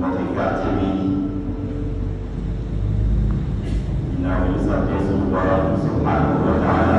มาถึงวัดที่มีนามวิสัชเจสุวรรณสุภาพบุรุษ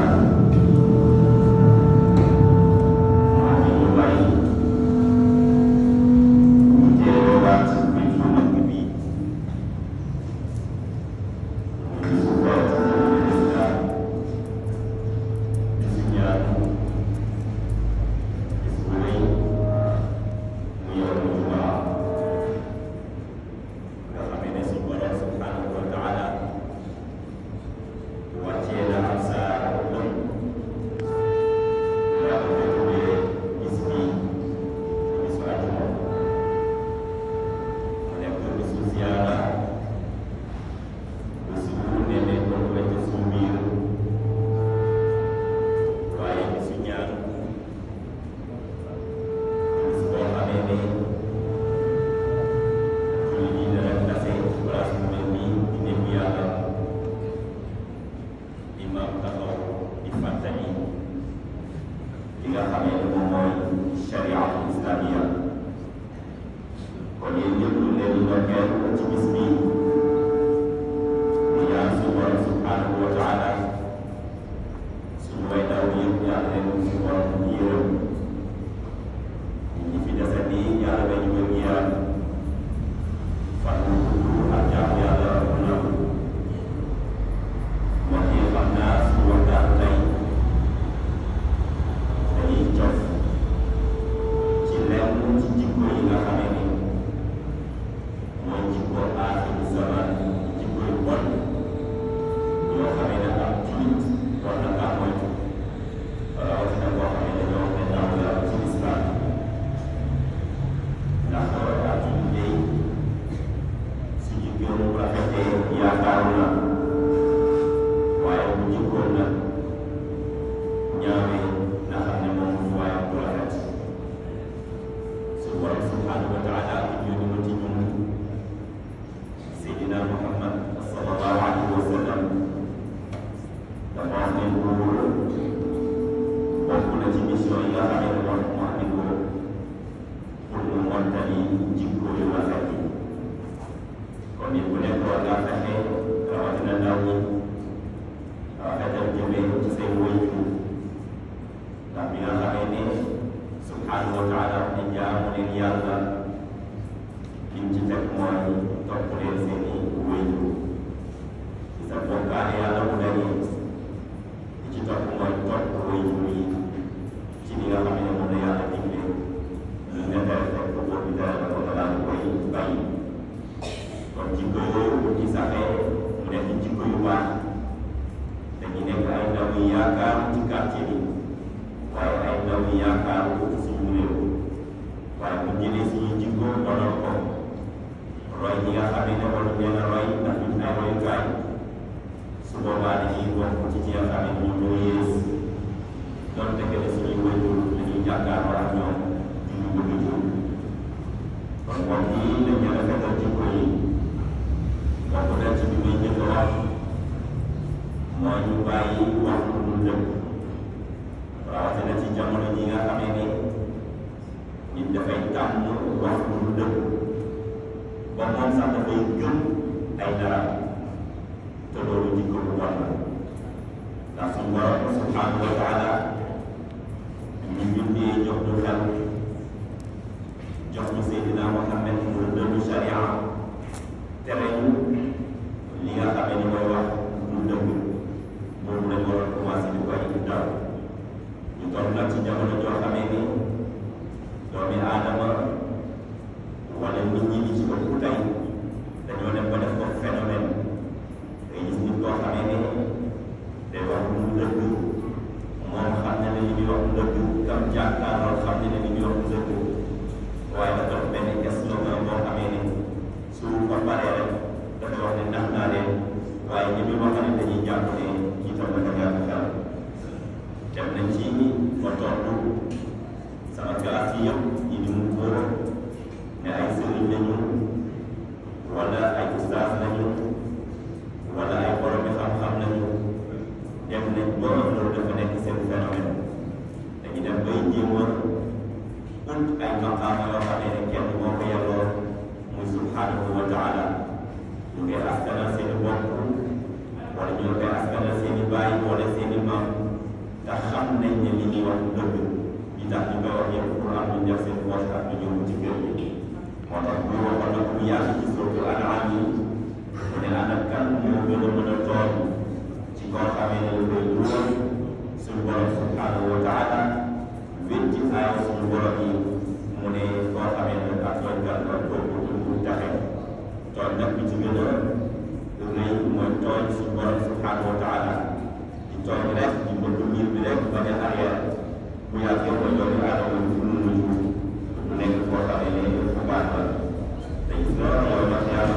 subhanahu wa taala di jaamu leen yàlla liñ ci teg mooy topp leen seen i wéy ci sa bokkaale yàlla mu ne saxaaba yi defoon na roy ndax ñu ay royukaay su boobaa dañuy bokk ci ci yaakaar yi ñu ñoo yées donte que suñuy wëyul dañuy ñëpp pour am ñu def seen waxtaan bi ñëw ci kër gi moo tax bu waxoon nag bu yàgg ci surtu anaam yi mu ne ana kan moo gën a mën a tool ci koo xamee ne lu koy dugal suñu borom subhanahu wa taala wét ci aaya suñu borom yi mu ne koo xamee ne ak yoon gan la kooku mu taxe tool nag bi ci gën a rëy mooy tool suñu borom subhanahu wa taala di tool rek di mbënd mbir bi rek bañ a arrière bu yàlla ko jox ñu yàlla ko mun nañu nekk boo xam ne nii bu baax la te gis nga loolu wax yàlla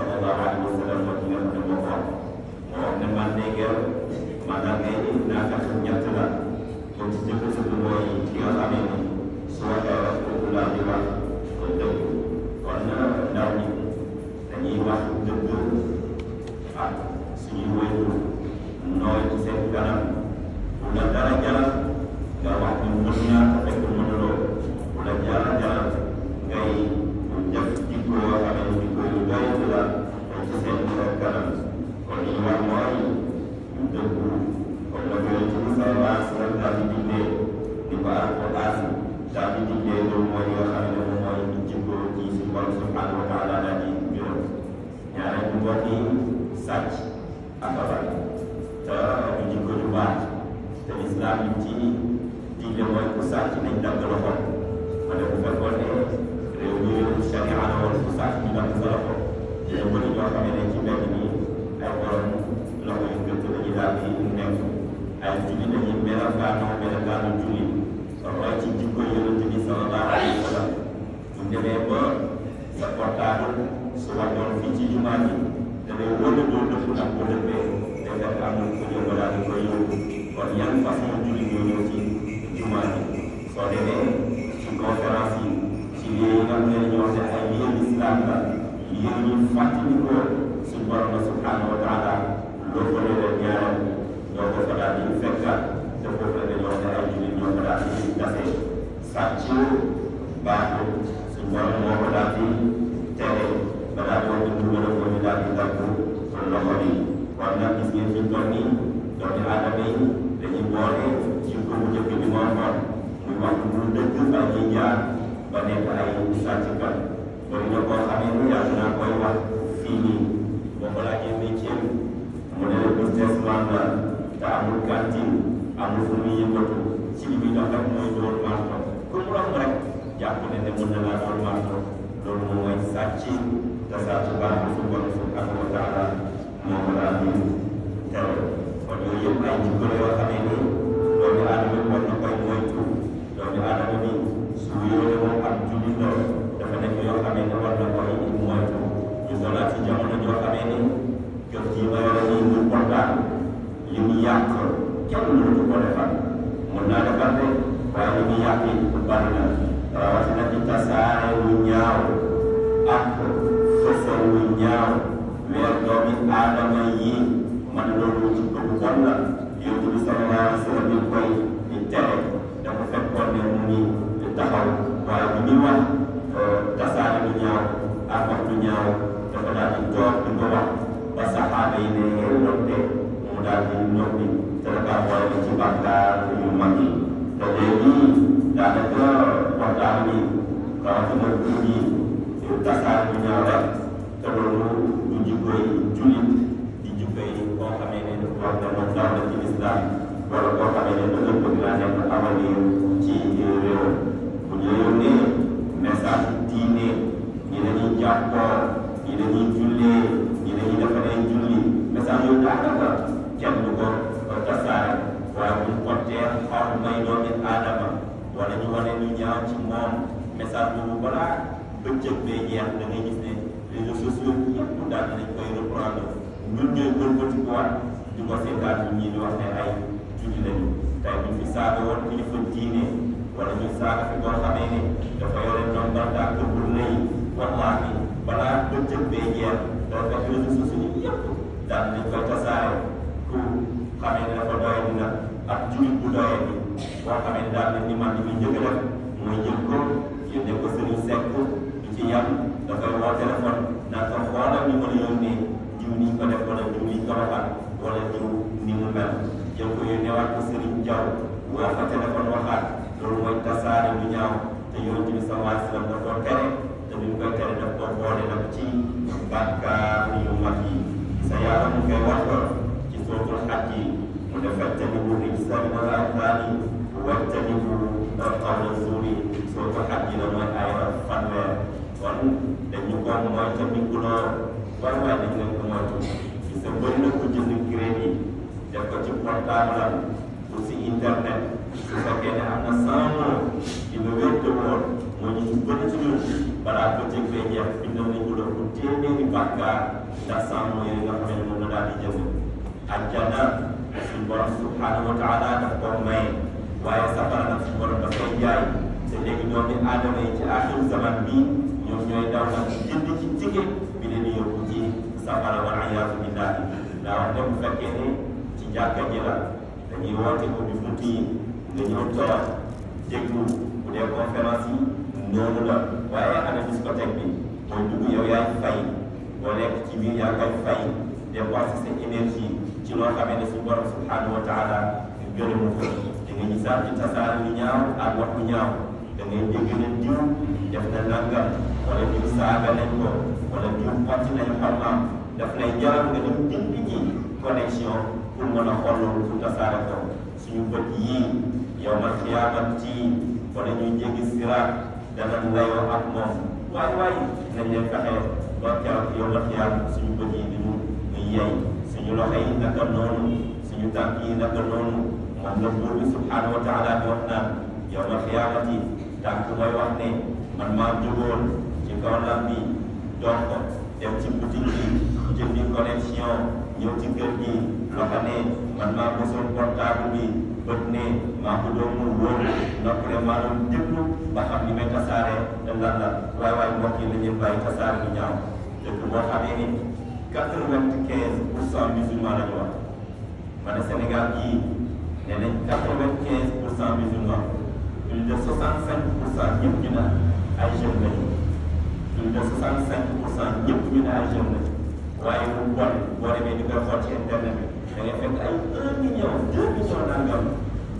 sallallahu alaihi wasallam ñoom ñu bokkoon moo ne man de ngeen maanaam ngay naaka xam ñett la kon ci jëkk sa bi mooy ki ne su waxee rek kooku laa di wax kon dëgg kon ndaw ñi dañuy wax dëgg ak suñuy wéytu nooy seen kanam bu la dara jaral nga wax ñu mën baasi daal di liggéey loolu mooy li nga xam ne moom mooy jëndoo ci si borom subhanahu wa taala daal di mbiram ñaareel bu mbokk yi sàcc ak abal te du jikko ju baax te islam yi ci digle mooy ku sàcc nañ dagg loxo ma ne bu fekkoon ne réew mi charia la woon ku sàcc ñu dagg sa loxo dina bëri ñoo xam ne ci mbedd mi ay borom loxo yu gëtt dañuy daal di nekk ay julli dañuy mel ak baanoo mel ak baanu julli roy ci jikko yonent bi sallallahu alayhi wa sallam bu demee ba sa portable su wàññoon fii ci ji damay wóor na doon dëpp ak wóor sàcc kan kon nga ko xamee koy wax fii nii boobu laa jël métier mu ne businessman la te amul cantine amul fu muy yëngatu ci li muy dox rek mooy doon ne ne mën na laa doon marto loolu moom mooy sàcc te sàcc baax na su bon subhanahu wa taala moom laa ñu tere kon yooyu yëpp ay jikko la yoo xamee ni doomu aadama war na koy moytu doomu aadama ne ne war na koy moytu ñu tollal ci jamono joo xamee ni jot ji mu bon li mu yàq kenn mënatu ko defar mën naa defar de waaye li mu yàq yi bari na rawatina ci tasaare ñaaw ak fësal wu ñaaw weer doomi aadama yi man loolu ci bëgg bon la yonent bi sallallahu alayhi wa sallam koy di tere dafa fekkoon ne mu ngi taxaw waaye bi ñuy ak wax ju ñaaw dafa daal di joor di ko wax ba saxaaba yi ne yow noppi mu daal di noppi te dafa boole ci bàkkaar yu mag yi te léegi daanaka waxtaan bi rawatina nit ñi yu tasaar ju ñaaw rek te loolu du jikkoy jullit di jikkoy koo xamee ne war na mën daw na ci lislaam wala koo xamee ne bëgg bëgg laa nekk avenir ci réew bu ñu yónnee message diine jàppa ñi dañuy jullee ñi dañuy defaree julli message yooyu tax na kenn du ko tasaare waaye bu ñu kottee xormay doomi aadama wala ñu wane lu ñaaw ci moom message boobu balaa bëccëg bee jeex da ngay gis ne réseaux sociaux yëpp daal dinañ koy reprendre ñun ñooy wëlbatikuwaat di ko seetaan ñun ñii di wax ne ay julli lañu tey bu ñu fi saaga woon kilifa diine wala ñu saaga fi boo xamee ne dafa yore ñoom daal wallaahi balaa bëccëg bee jeex day fekk réseaux sociaux yi yëpp daal di koy tasaare ku xamee ne dafa doyee dina ak jullit bu doyee bi boo xamee ne ni man li muy njëkk mooy jël ko yónnee ko sëriñ sekk di ci yam dafay woo téléphone naan ko xoolal ñu mën a yónnee jiw niñ ko def wala jiw niñ ko waxaat wala jiw ni mu mel jël ko yónneewaat ko sëriñ jaw woo fa téléphone waxaat loolu mooy tasaare bu ñaaw te yonent bi sallallahu alayhi wa sallam dafa tere te li mu koy tere daf koo boole nag ci bàkkaar yu mag yi sa yaram mu koy wax ci sootul xaj yi mu ne fajtanibu rijsa minal awtaani wajtanibu qawla zuuri sootul xaj yi la mooy ay fanweer kon dañu ko mooy tamit ku lool war waay dañu leen ko moytu ci sa bëri na ku jënd crédit def ko ci portable am ku si internet su fekkee ne am na cent mille di lu wér te wóor moo ñu bëri ci balaa ko jëfee jeex fi mu ne nii mu doon ko téeméeri bàkkaar ndax sàmm mooy li nga xam ne moom la daal di jëm aljanna suñu borom subhanahu wa taala daf may waaye safara nag suñu borom daf koy jaay te léegi doomi aadama yi zaman bi ñoom ñooy daw nag jënd ci bi leen di yóbbu safara wal iyaadu billaahi daa wax ne bu fekkee ne ci jàkka ji la dañuy woote ko bi bunt yi nga ñëw toog déglu bu dee conférence yi noonu la waaye ana discothèque bi boo dugg yow yaay fay boo nekk ci biir yaa koy fay dépenser sa énergie ci loo xamee ne suñu borom subhanahu wa taala gërëmu ko da ngay gisaat ci tasaare lu ñaaw ak wax lu ñaaw da ngay dégg ne diw def na nangam wala diw saaga nañ ko wala diw xotti nañ xormaam daf lay jaral nga dem dindi ci connexion pour mën a xool loolu fu tasaare ko suñu bët yii yow man xiyaamat ci wala ñuy jéggi siraat dana wéyoo ak moom waay waay nañu fexe ba keroog yow la xiyaam suñu bët yi di mu yey suñu loxo yi naka noonu suñu tànk yi naka noonu moom la buur bi subhaanahu wa taala di wax naan yow la xiyaamati wax ne man maa jógoon ci kaw lan bi ci boutique bi jëndi connexion ñëw ci kër gi loxo ne man maa mosoon portable bi bët ne maa ko doon mu wóor nopp ne maa doon déglu ba xam li may tasaare te lan la waaye waaye mbokk yi la ñuy bàyyi tasaare bi ñaaw dëkk boo xamee ni quatre-vingt-quinze pour cent musulman la ñu wax ma ne Sénégal gii nee nañ quatre-vingt-quinze pour cent musulman plus de soixante-cinq pour cent ñëpp ñu ne ay jeunes lañu plus de soixante-cinq pour cent ñëpp ñu ne ay jeunes lañu waaye bu bon boo demee di bi da ngay fekk ay 1 million 2 million nangam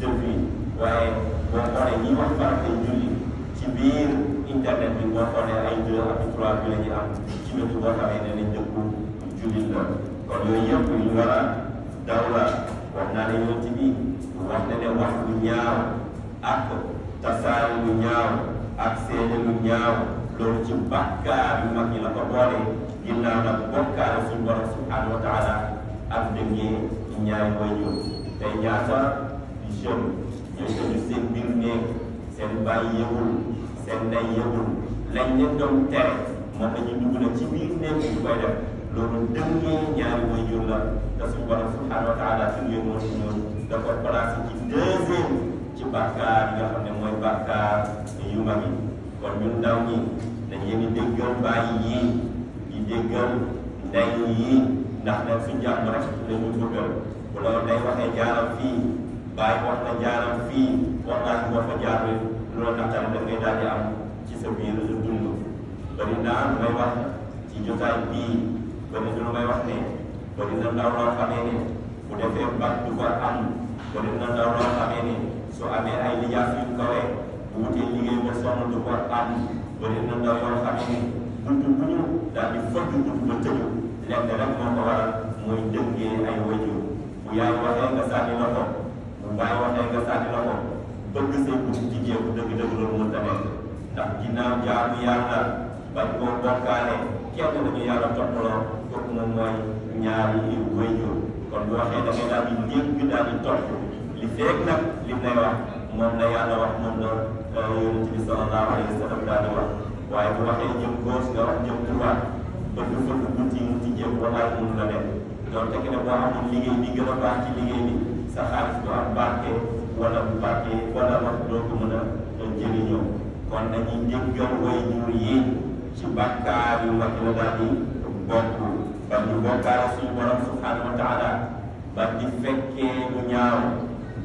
jëm fii waaye boo xoolee ñi wax faratay julli ci biir internet bi boo xoolee ay 2 ak 3 bi la ñuy am ci wetu boo xamee ne nañ dëkku jullit la kon yooyu yëpp ñu war a daw wax naa ne yoon ci bii wax na ne wax lu ñaaw ak tasaare lu ak seede lu ñaaw loolu ci bàkkaar yu ko boole ginnaaw nag bokkaale suñu wa taala ak liggéey ci ñaari waajur te ñaata jeune ñu tëdd seen biir néeg seen bàyyi yëgul seen ndey yëgul lañ leen doon tere moom la ñuy dugg nag ci biir néeg ñu koy def loolu dëngee ñaari waajur la te suñu borom subhanahu wa taala fi mu yëgoon ci ñoom da ko placé ci deuxième ci bàkkaar yi nga xam ne mooy bàkkaar yu mag yi kon ñun ndaw ñi dañ leen di déggal bàyyi yii di déggal ndey yii ndax nag fi njàng rek dañuy bëggal bu loolu day waxee jaaram fii bàyyi wax na jaaram fii waxtaan bi war fa jaar bi loolu nag tamit da ngay daal di am ci sa biir dund bari naa lu may wax ci jotaay bii bari na lu may wax ne bari na ndaw loo xamee ne bu defee bac du ko am bari na ndaw loo xamee ne su amee ay lijaas yu kawee bu wutee liggéey ba sonn du ko am bari na ndaw yoo xamee ne bunt bu ñu daal di fëgg bunt ba tëju lenn rek moo ko waral mooy dëggee ay wajur bu yaay waxee nga sànni la ko bu baay waxee nga sànni la ko bëgg say buti ci jéem dëgg-dëgg loolu mën ta nekk ndax ginnaaw jaamu yàlla bañ koo bokkaale kenn lañu yàlla toppaloo kooku moom mooy ñaari yu wajur kon bu waxee da ngay daal di dégg daal topp li feeg nag li mu wax moom la yàlla wax moom la euh, yonent bi sallallahu alayhi wa sallam daal di wax waaye bu waxee jëm góos nga wax jëm tubaab ba du fëgg bunti mu tijjee ko laaj mënu la dem donte que ne boo amoon liggéey bi gën a baax ci liggéey bi sa xaalis du am barke wala bu barke wala wax doo ko mën a jëriñoo kon nañu njëggal way jur yi ci bàkkaar yu mag la daal di bokk ba ñu bokkaale suñu borom subhanahu wa taala ba di fekkee bu ñaaw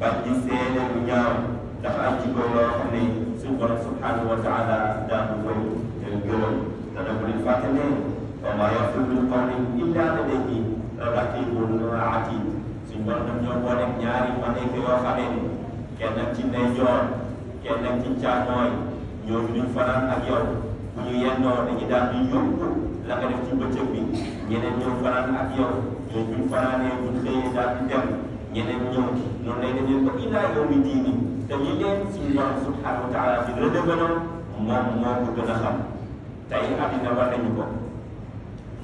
ba di seede bu ñaaw ndax ci ko loo xam ne suñu borom subhanahu wa taala daan koy gërëm te da ko leen fàtte ne وما يفعل قول إلا لديه رقيب عتيد suñ borom daf ñoo boole ñaari malaaka yoo xamee ni kenn ci ndeyjoor kenn ci càmmooñ ñooñu duñ fanaan ak yow bu ñu yendoo dañu daal di yóbbu la nga def ci bëccëg bi ñeneen ñëw fanaan ak yow ñooñu buñ fanaanee buñ xëyee daal di dem ñeneen ñëw noonu lay demee ba ilaa yow mi diini te ñu leen suñ borom subhanahu wa taala bi rëdd moom moo ko gën a xam tey àddina war nañu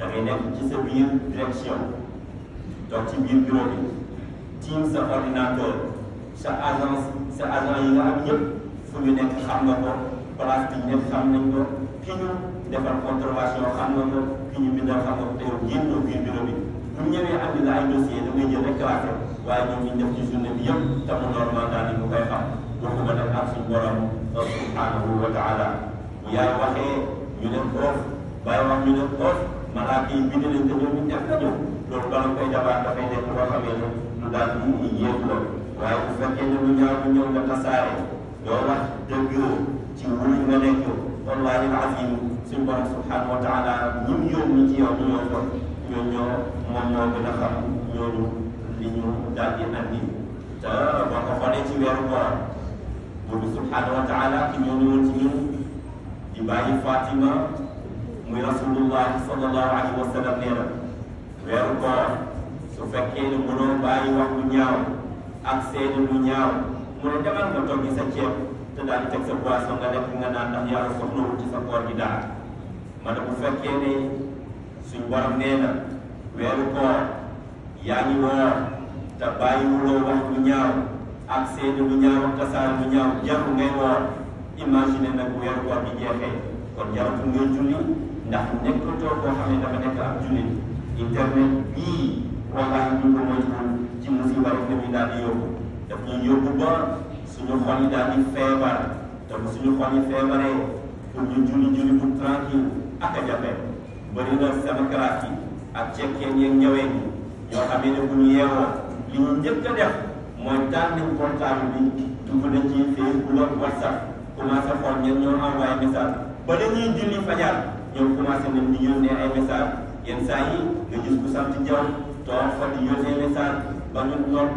da ngay nekk ci sa biir direction donc ci biir tiim sa ordinateur sa agence sa agent yi nga am yëpp fu nekk xam nga ko place nekk xam nañ ko ki ñu defal contravention xam xam nga ko te yow génnoo biir bureau bi bu ñëwee andi la ay dossier da ngay jël rek classé waaye ñoom ñu def ci journée bi yëpp te mu normal daal di mu koy xam waxuma nag ak suñu borom euh, subhanahu wa malaaka yi bind nañ te ñoom ñu def nañu loolu bala koy jabaat dafay nekk loo xamee ne lu la waaye bu fekkee ne lu ñaaw bu ñëw nga tasaare doo wax dëgg ci wuñ nga nekk wallahi alazim suñu borom subhanahu wa taala ñun yóbbu ci yow ñu ñoo ko ñoo ñoo moom ñoo gën a xam ñooñu li ñu daal di andi te boo ko xoolee ci weeru borom boobu subhanahu wa taala ki ñoo ñëwoon ci ñun Fatima muy rasulullah sallallahu alayhi wa sallam nee na weeru koor su fekkee ne mënoo bàyyi wax lu ñaaw ak seeni lu ñaaw mu ne demal nga toog sa te daal di teg sa boisson nga lekk nga naan ndax yàlla soxlawul sa koor gi ma ne bu fekkee ne suñ borom nee na weeru koor yaa ngi woor te bàyyiwuloo wax lu ñaaw ak seeni lu ñaaw ak tasaare lu ñaaw jarul ngay woor imagine nag weeru koor ndax nekkul tool boo xam ne internet bii wallahi ñu ko moytuwul ci musiba rek la ñu daal di yóbbu daf ñuy yóbbu ba suñu xol yi daal di feebar te bu suñu xol yi feebaree pour ñu julli julli bu tranquille ak a jafe bëri na sama classe yi ak li ñu njëkk a def mooy taal nañ portable bi dugg nañ ci Facebook ak WhatsApp commencé xool ñen ñoo envoyé ñoom commencé nañ di yónnee ay message yenn saa yi nga gis ku sant Jaw toog fa di yónnee message ba ñu nodd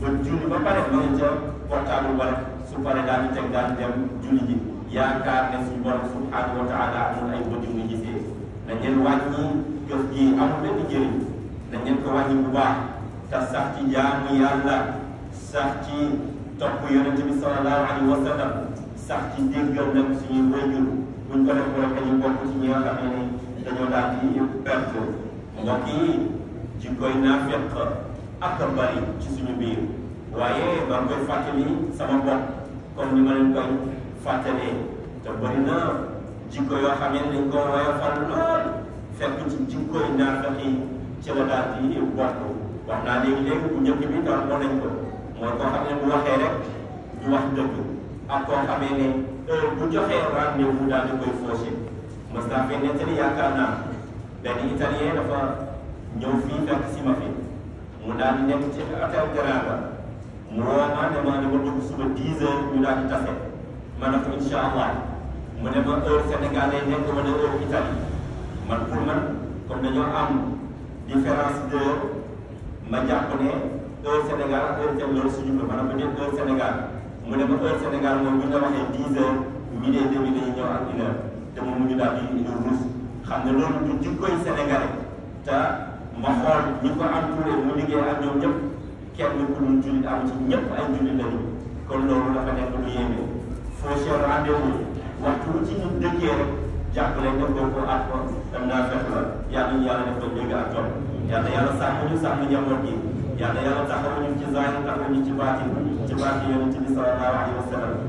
ba julli ba pare ba nga ca portable wala su pare daal di teg daal di dem julli ji yaakaar ne suñu borom subhanahu wa taala amul ay bët yu ñu gisee na ngeen wàññi jëf ji amul benn njëriñ na ngeen ko wàññi bu baax te sax ci jaamu yàlla sax ci topp yonente bi sallallahu alayhi wa sallam sax ci déggal nag suñuy wéyjur buñ ko def rek dañuy bokk ci ñi nga xam ne ni dañoo daal di perte mbokk yi jikkoy naafeq ak bari ci suñu biir waaye maa ngi koy fàttali sama bopp comme ni ma leen koy fàttalee te bari na jikko yoo xam ne dañ ko woyofal lool fekk ci jikkoy naafeq yi ci la daal di bokk wax naa léegi-léegi bu njëkk bi daal moo nañ ko mooy koo xam ne bu waxee rek du wax dëgg ak koo xamee ne bu joxee baat ñëw mu daal di koy fauché mas naa fi nettali yaakaar naa benn italien dafa ñëw fii fekk si ma fi mu daal di nekk ci hôtel Teranga mu woo ma ne ma dama dugg suba 10 heures ñu daal di tase ma ne ko incha allah mu ne ma heure man pour man kon am différence d'heure ma jàpp ne heure Sénégal ak heure Italie loolu suñu ko maanaam bu dee mu ne ba heure Sénégal moom bu ñu la waxee dix heures midi et demi dañuy ñëw ak une heure te mu mujj daal di ñu ruus xam ne loolu du jikkoy sénégalais te ma xool ñi ko entouré mu liggéey ak ñoom ñëpp kenn ku dul jullit am ci ñëpp ay jullit lañu kon loolu dafa nekk lu yéeme foo cher rendez-vous waxtu wu ci ñu dëkkee rek jàppale def ko ko ak ko dem naa fex la yàlla ñu yàlla def ko dégg ak jot yàlla yàlla sàmm ñu sàmm njaboot gi yàlla yàlla taxawu ñu ci zahir taxawu ñu ci baatin ci barke yonent bi sallallahu alayhi wa sallam